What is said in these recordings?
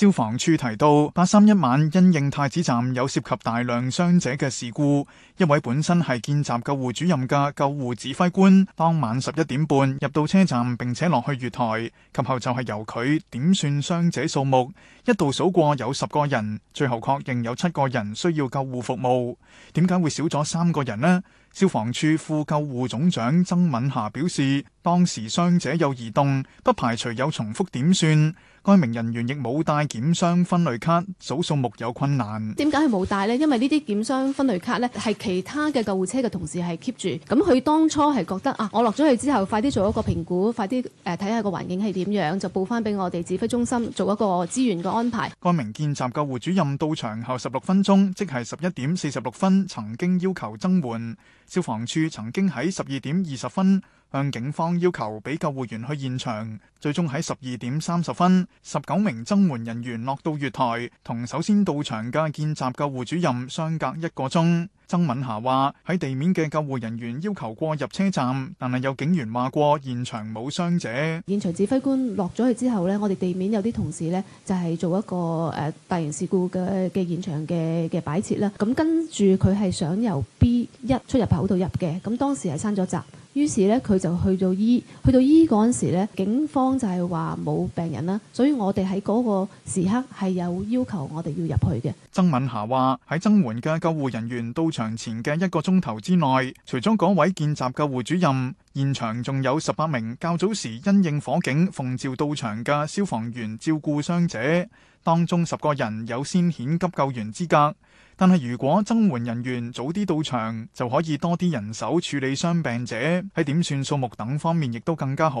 消防處提到，八三一晚因應太子站有涉及大量傷者嘅事故，一位本身係見習救護主任嘅救護指揮官，當晚十一點半入到車站，並且落去月台，及後就係由佢點算傷者數目，一度數過有十個人，最後確認有七個人需要救護服務。點解會少咗三個人呢？消防處副救護總長曾敏霞表示，當時傷者有移動，不排除有重複點算。該名人員亦冇帶檢傷分類卡，數數目有困難。點解佢冇帶呢？因為呢啲檢傷分類卡咧係其他嘅救護車嘅同事係 keep 住。咁佢當初係覺得啊，我落咗去之後，快啲做一個評估，快啲誒睇下個環境係點樣，就報翻俾我哋指揮中心做一個資源嘅安排。該名見習救護主任到場後十六分鐘，即係十一點四十六分，曾經要求增援。消防處曾經喺十二點二十分。向警方要求俾救護員去現場，最終喺十二點三十分，十九名增援人員落到月台，同首先到場嘅見習救護主任相隔一個鐘。曾敏霞話喺地面嘅救護人員要求過入車站，但係有警員話過現場冇傷者。現場指揮官落咗去之後呢，我哋地面有啲同事呢，就係做一個誒大型事故嘅嘅現場嘅嘅擺設啦。咁跟住佢係想由 B 一出入口度入嘅，咁當時係閂咗閘。於是呢，佢就去到醫去到醫嗰陣時咧，警方就係話冇病人啦，所以我哋喺嗰個時刻係有要求我哋要入去嘅。曾敏霞話：喺增援嘅救護人員到場前嘅一個鐘頭之內，除咗嗰位見習救護主任，現場仲有十八名較早時因應火警奉召到場嘅消防員照顧傷者，當中十個人有先遣急救員資格。但係，如果增援人員早啲到場，就可以多啲人手處理傷病者，喺點算數目等方面亦都更加好。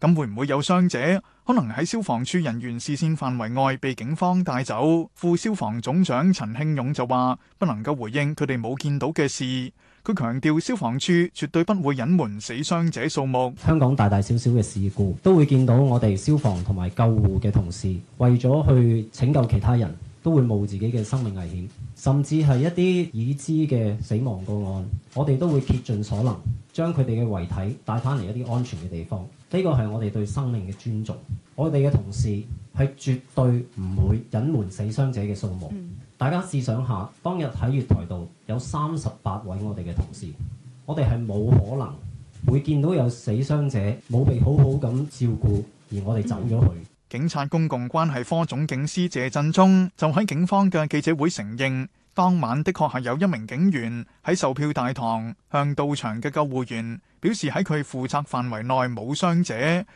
咁會唔會有傷者可能喺消防處人員視線範圍外被警方帶走？副消防總長陳慶勇就話：不能夠回應佢哋冇見到嘅事。佢強調消防處絕對不會隱瞞死傷者數目。香港大大小小嘅事故都會見到我哋消防同埋救護嘅同事為咗去拯救其他人。都會冒自己嘅生命危險，甚至係一啲已知嘅死亡個案，我哋都會竭盡所能將佢哋嘅遺體帶翻嚟一啲安全嘅地方。呢個係我哋對生命嘅尊重。我哋嘅同事係絕對唔會隱瞞死傷者嘅數目。嗯、大家試想下，當日喺月台度有三十八位我哋嘅同事，我哋係冇可能會見到有死傷者冇被好好咁照顧，而我哋走咗去。嗯警察公共關係科總警司謝振中就喺警方嘅記者會承認，當晚的確係有一名警員喺售票大堂向到場嘅救護員，表示喺佢負責範圍內冇傷者。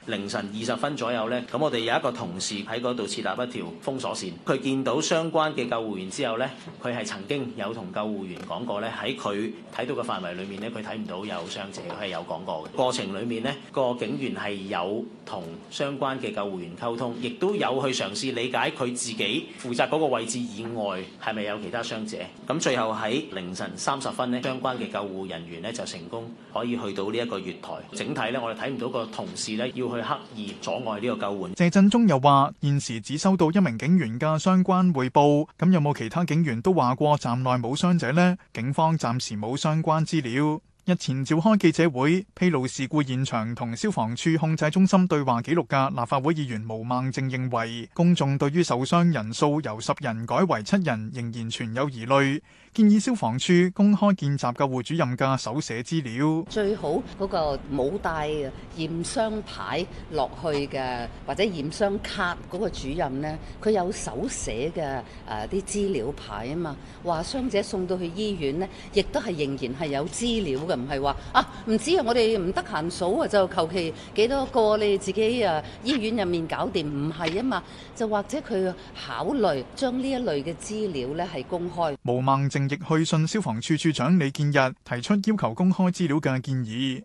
凌晨二十分左右咧，咁我哋有一個同事喺嗰度設立一條封鎖線，佢見到相關嘅救護員之後咧，佢係曾經有同救護員講過咧，喺佢睇到嘅範圍裏面咧，佢睇唔到有傷者，佢係有講過嘅。過程裏面咧，個警員係有同相關嘅救護員溝通，亦都有去嘗試理解佢自己負責嗰個位置以外係咪有其他傷者。咁最後，喺凌晨三十分咧，相關嘅救護人員咧就成功可以去到。呢一個月台，整體呢，我哋睇唔到個同事呢要去刻意阻礙呢個救援。謝振中又話：現時只收到一名警員嘅相關匯報，咁有冇其他警員都話過站內冇傷者呢？警方暫時冇相關資料。日前召開記者會披露事故現場同消防處控制中心對話記錄嘅立法會議員毛孟靜認為，公眾對於受傷人數由十人改為七人，仍然存有疑慮。建議消防處公開見習嘅會主任嘅手寫資料，最好嗰、那個冇帶驗傷牌落去嘅，或者驗傷卡嗰個主任呢，佢有手寫嘅誒啲資料牌啊嘛。話傷者送到去醫院呢，亦都係仍然係有資料嘅，唔係話啊唔知啊，知我哋唔得閒數啊，就求其幾多個你自己啊、呃、醫院入面搞掂，唔係啊嘛？就或者佢考慮將呢一類嘅資料呢係公開。毛孟靜。亦去信消防處處長李建日，提出要求公開資料嘅建議。